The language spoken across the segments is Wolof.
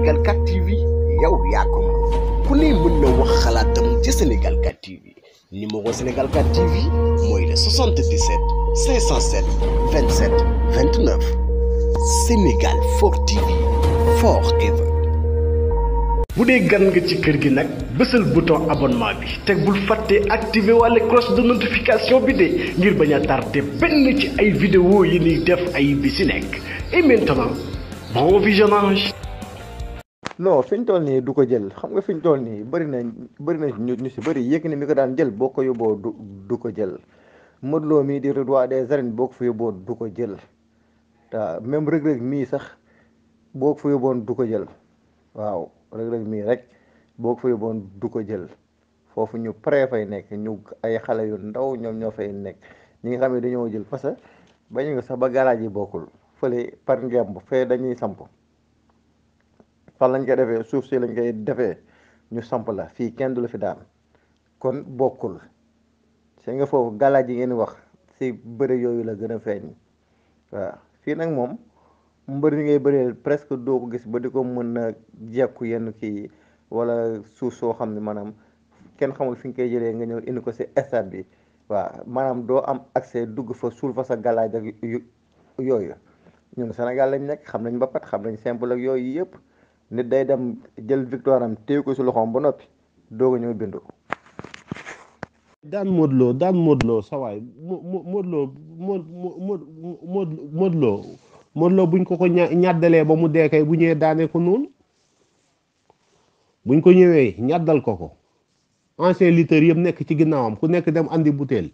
Sénégal 4 TV yow yaa ko ku ne mën na wax xalaatam ci Sénégal 4 TV numéro Sénégal 4 TV moy le 77 507 27 29 Sénégal 4 TV forever. Vous voulez gan nga ci kër gi nag bouton abonnement bi te bul fàtte la cloche de notification bi ne ngir bañ tardé ci ay vidéo yi ni def ay et maintenant bon visionnage. non fi ñu toll nii du ko jël xam nga fi ñu toll nii bari na bëri na ñu si bëri Yékini mi ko daan jël boo ko yóbboo du du ko jël Modou Lo mii di roi des arènes boo ko fa du ko jël waaw même Reug Reug mii sax boo ko fa yóbboon du ko jël waaw Reug Reug mii rek boo ko fa du ko jël foofu ñu paree fay nekk ñu ay xale yu ndaw ñoom ñoo fay nekk ñi ngi xam ne dañoo jël parce que bañu ngi sax ba garage yi bokkul fële par ngemb fee dañuy samp fan lañ koy defee suuf si lañ koy defee ñu samp la fii kenn du la fi daan kon bokkul see nga foofu galaaj yi ngeen wax si bëre yooyu la gën a feeñ waaw fii nag moom mbër yi ngay bëreel presque doo ko gis ba di ko mën na jekku yenn kii wala suuf soo xam ne maanaam kenn xamul fi nga koy jëlee nga ñëw indi ko si stade bi waaw maanaam doo am accès dugg fa suul fa sa galaaj ak yooyu ñun senegal lañ nekk xam nañ ba pat xam nañ simple ak yooyu yëpp nit day dem jël victoire am téye ko si loxoom ba noppi doog a ñëw bindu. daan Modou Lo daan Modou Lo sa waay mo mo Modou Lo Mod Mod Modou Lo Modou Lo buñ ko ko ña ñàddalee ba mu dee kay bu ñëwee daane ko noonu buñ ko ñëwee ñàddal ko ko ancien lutteur yëpp nekk ci ginnaawam ku nekk dem andi butéel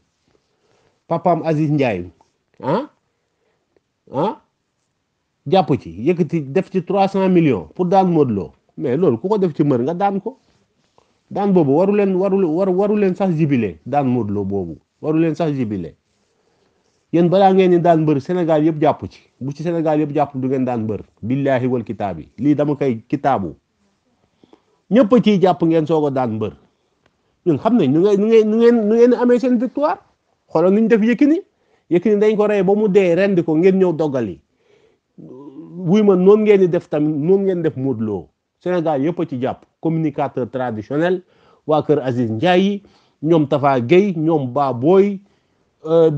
papaam Aziz Ndiaye ah ah. jàpp ci yëkkati def ci trois cent millions pour daan Modou Lo mais loolu ku ko def ci mër nga daan ko daan boobu waru leen waru waru waru leen sax jibile daan Modou boobu waru leen sax jibile yéen balaa ngeen ni daan mbër Sénégal yëpp jàpp ci bu ci Sénégal yëpp jàpp du ngeen daan mbër billaahi wal kitaab yi lii dama koy kitaabu ñëpp a ciy jàpp ngeen soog a daan mbër ñun xam nañ nu ngeen nu ngeen nu ngeen amee seen victoire xoolal nu ñu def Yékini Yékini dañ ko rey ba mu dee rendi ko ngeen ñëw doggali wuy ma noonu ngeen di def tamit noonu ngeen def Modou Lo Sénégal yëpp a ci jàpp communicateur traditionnel waa kër Aziz Ndiaye ñoom Tafa Gueye ñoom Baboy euh,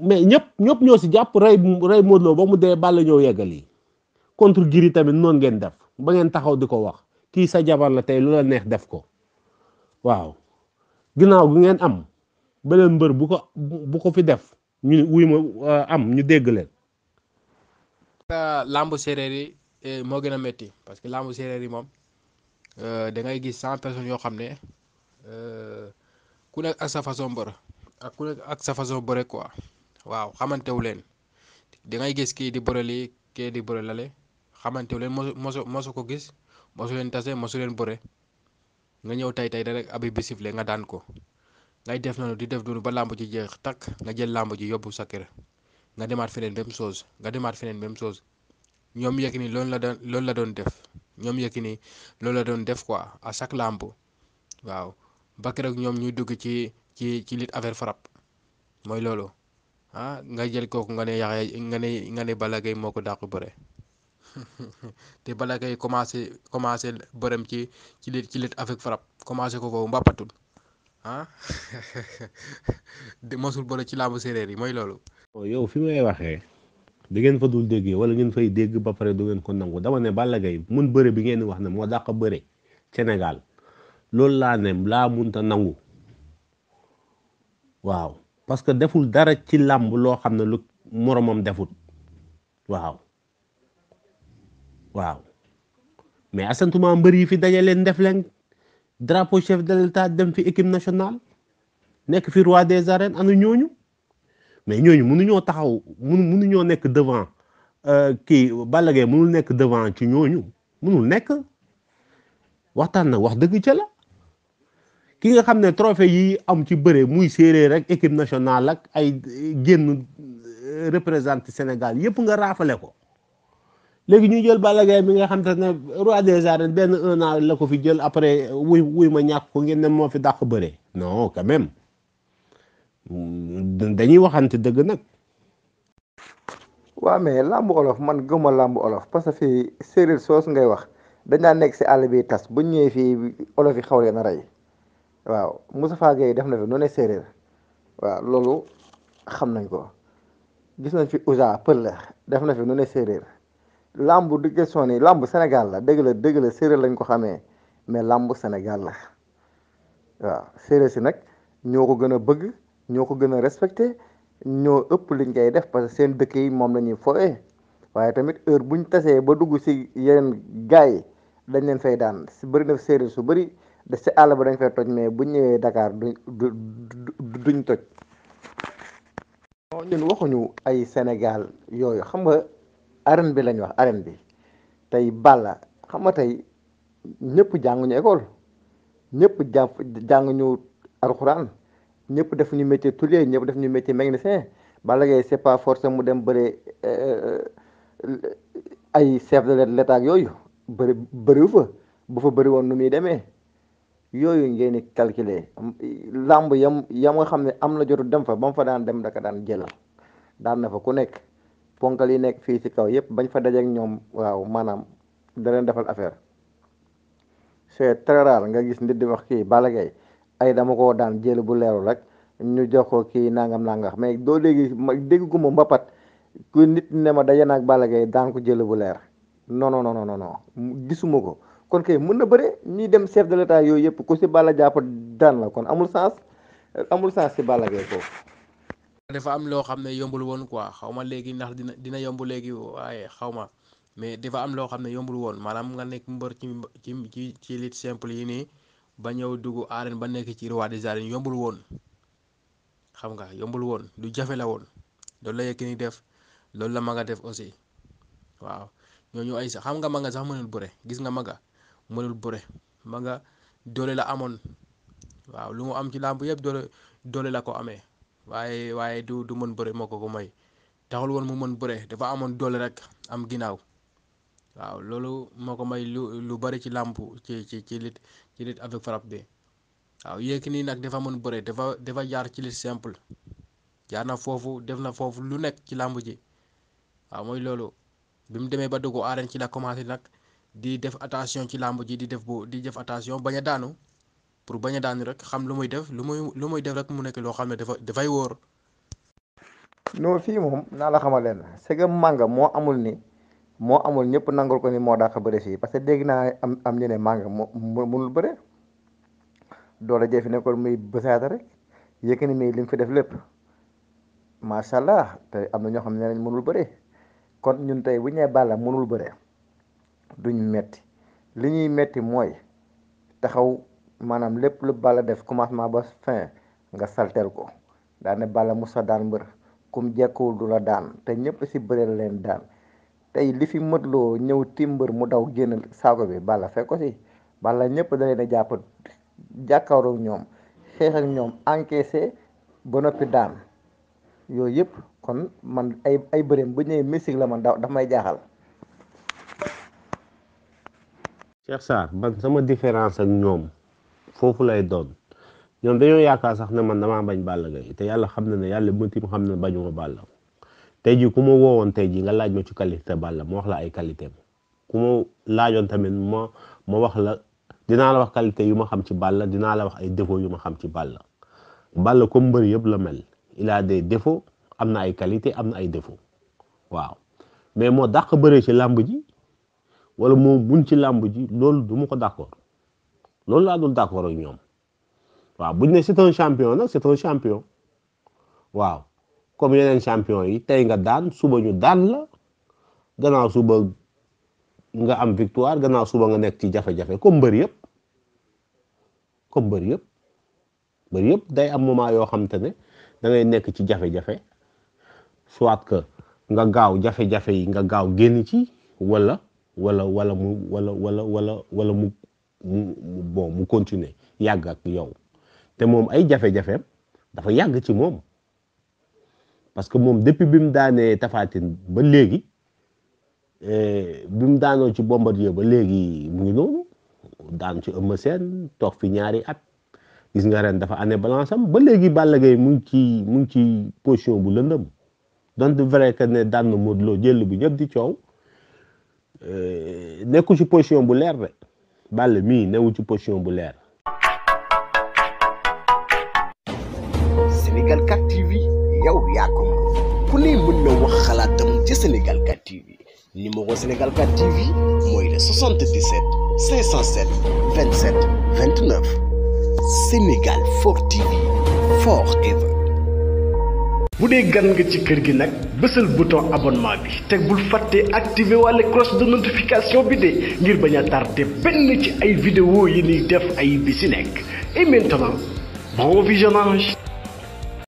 mais ñëpp ñëpp ñoo si jàpp rey rey Modou ba mu dee bàll ñëw yeggal yi contre giri tamit noonu ngeen def ba ngeen taxaw di ko wax kii sa jabar la tey lu la neex def ko waaw ginnaaw gi ngeen am beneen mbër bu ko bu ko fi def ñu wuy ma euh, am ñu dégg leen làmbu séeréer yi eh, moo gën a métti parce que làmbu séeréer yi moom eh, da ngay gis cent personnes yoo xam ne eh, ku nekk ak sa façon mbër ak ku nekk ak sa façon bëre quoi waaw xamantewu leen dangay gis kii di bëre lii kee di bëre lale xamantewu leen mosu mosu mosu ko gis mosu leen tase mosu leen bore nga ñëw tey tey da rek abi bi sifle nga daan ko ngay def noonu di def noonu ba làmb ji jeex takk nga jël làmb ji yóbbu sa kër nga demaat feneen même soos nga demaat feneen même soos ñoom Yékini loolu la doon loolu la doon def ñoom nii loolu la doon def quoi à chaque lamb waaw ba keroog ñoom ñuy dugg ci ci ci lutte affaire frappe mooy loolu ah nga jël kooku nga ne Yaxya nga ne nga ne Balla Gaye moo ko dàq bëre te Balla Gaye commencé commencé bërëm ci ci lutte ci lutte avec frappe commencé ko foofu mbàppatul ah mosul bëre ci làmb séeréer yi mooy loolu. Oh, yow fi may waxee di ngeen fa dul déggee wala ngeen fay dégg ba pare du ngeen ko nangu dama ne Balla Gaye mun bëre bi ngeen wax ne moo dàq bëre Sénégal loolu laa ne laa munta nangu waaw parce que deful dara ci làmb loo xam ne lu moromam defut waaw waaw mais asantuma mbër yi fi daje leen def leen drapeau chef de l'état dem fi équipe nationale nekk fi roi des arènes anu ñooñu mais ñooñu mënuñoo taxaw mënu mënuñoo nekk devant euh, kii Balla Gaye nekk devant ci ñooñu mënul nekk waxtaan nag wax dëgg ca ki nga xam ne trophée yi am ci bëre muy séeréer rek équipe nationale ak ay génn euh, représenté Sénégal yëpp nga raafale ko léegi ñu jël Balla Gaye mi nga xam te ne roi des arènes la ko fi jël après wuy wuy ma ñàkk ko ngeen ne moo fi dàq bëre non quand dañuy waxante dëgg nag. waaw mais làmbu olof man gëmma làmbu olof parce que fii séeréer soos ngay wax dañ dañaa nekk si àll bii tas bu ñëwee fii olof yi xaw leen a rey waaw Moustapha Gueye def na fi nu ne séeréer waaw loolu xam nañ ko gis nañ fi Ousa def na fi nu séeréer làmbu du question ni làmbu Sénégal la dëgg la dëgg la séeréer lañ ko xamee mais làmbu Sénégal la waaw séeréer si nag ñoo ko gën a bëgg. ñoo ko gën a respecté ñoo ëpp liñ koy def parce que seen dëkk yi moom la ñuy waaye tamit heure buñ tasee ba dugg si yeneen gars yi dañ leen fay daan si bëri na séeréer su bëri de si àll ba dañ fay toj mais bu ñëwee dakaar duñ duñ toj. ñun waxuñu ay Sénégal yooyu xam nga arène bi lañ wax arène bi tey Balla xam nga tey ñëpp jànguñu école ñëpp jàpp jànguñu alxuraan. ñëpp def ñu métier tôlier ñëpp def ñu métier mécanicien Balla Gaye c'est pas forcé mu dem bëre euh, ay chef de l'État yooyu bëri bëriwu fa bu fa bari woon nu muy demee yooyu ngeen di calculer làmb yam yam nga xam ne am na jotu dem fa ba mu fa daan dem daka daan jël daan na fa ku nekk ponkal yi nekk fii ci kaw yëpp bañ fa dajeek ñoom waaw maanaam da leen defal affaire c'est très nga gis nit wax kii Balla Gaye ay dama ko daan jël bu leerul rek ñu jox ko kii nangam nangam mais doo léegi ma dégg ma mbapat ku nit ne ma daje naag Balla Gaye daan ko jël bu leer non non non non gisuma ko kon kay mën na bëre ñuy dem chef de l'état yooyu yëpp ku si Balla jàpp daan la kon amul sens amul sens si bala Gaye ko dafa am loo xam ne yombul woon quoi xaw ma léegi ndax dina dina yomb léegi waaye xaw ma mais dafa am loo xam ne yombul woon maanaam nga nekk mbër ci ci ci lutte simple yi nii. ba ñëw dugg arène ba nekk ci roi des arènes yombul woon xam nga yombul woon lu jafe la woon loolu la Yékini def loolu la Maga def aussi waaw ñooñu ay sax xam nga Maga sax mënul bëre gis nga Maga mënul bëre Maga doole la amoon waaw lu mu am ci làmb yëpp doole doole la ko amee waaye waaye du du mën bëre moo ko ko may taxul woon mu mën bore dafa amoon doole rek am ginnaaw. waaw loolu moo ko may lu lu bëri ci làmp ci ci ci lutte ci lutte avec frappe bi waaw nii nag dafa mën bëre dafa dafa jaar ci lutte simple jaar na foofu def na foofu lu nekk ci làmb ji waaw mooy loolu bi mu demee ba dugg arène ci la commencé nag di def attention ci làmb ji di def bu di def attention bañ a daanu pour bañ a daanu rek xam lu muy def lu muy lu muy def rek mu nekk loo xam ne dafa dafay wóor. noo fii moom naa la xamal leen c'est que moo amul nii moo amul ñëpp nangul ko ni moo dàq bëre fii parce que dégg naa am am ñu ne Manga mu munul bëre doole jëf fi nekkoon muy bësaata rek Yékini mi li mu fi def lépp macha allah te am na ñoo xam ne nañ mënul bëre kon ñun tey bu ñu nee Balla mënul bëre duñ metti li ñuy metti mooy te taxaw maanaam lépp lu bala def commencement ba fin nga salteel ko daane mus musa daan mbër kum jekkuwul du la daan te ñëpp si bëre leen daan tey li fi loo ñëw timbër mu daw génn saako bi bala fekk ko si bala ñëpp da leen a jàpp jàkkaaroog ñoom xeex ak ñoom encaissé ba noppi daan yooyu yëpp kon man ay ay bëreem bu ñëwee mystique la man daw daf may jaaxal. Cheikh Sarr man sama différence ak ñoom foofu lay doon ñoom dañoo yaakaar sax ne man damaa bañ Balla Gaye te yàlla xam na ne yàlla mënti mu xam ne bañuma Balla tey jii ku ma woowoon tey jii nga laaj ma ci qualité Balla ma wax la ay qualité ma ku ma laajoon tamit ma ma wax la dinaa la wax qualité yu ma xam ci Balla dinaa la wax ay défaut yu ma xam ci Balla Balla comme mbër yëpp la mel il a des défauts am na ay qualité am na ay défaut waaw mais moo dàq bëree ci làmb ji wala moo buñ ci làmb ji loolu du ma ko d'accord loolu laa dul d'accord ñoom waaw buñ ne c'est un champion nag c'est champion waaw comme yeneen champion yi tey nga daan suba ñu daan la gannaaw suba nga am victoire gannaaw suba nga nekk ci jafe-jafe comme mbër yëpp comme mbër yëpp mbër yëpp day am moment yoo xam ne da nekk ci jafe-jafe soit que nga gaaw jafe-jafe yi nga gaaw génn ci wala wala wala mu wala wala wala wala mu mu mu continuer yàgg ak yow te moom ay jafe-jafeem dafa yàgg ci moom parce que moom depuis bi mu daanee tafaatin ba léegi eh, bi mu daanoo ci Bombardier ba léegi mu ngi noonu daan ci Eumeu seen toog fi ñaari at gis nga ren dafa année balance ba léegi Balla Gaye mu ngi ci mu ngi ci position bu lëndëm donc vrai que ne daan na Modou jël bi ñëpp di coow eh, nekku ci position bu leer de Balla mii newu ci position bu leer yow yaa ko ku ne mën na wax xalaatam ci Sénégal 4 TV numéro Sénégal 4 TV mooy le 77 507 27 29 Sénégal 4 TV forever. bu dee gan nga ci kër gi nag bésal bouton abonnement bi te bul fàtte activé walla cloche de notification bi de ngir bañ a tardé benn ci ay vidéo yi ni def ay bi si nekk et maintenant bon visionnage.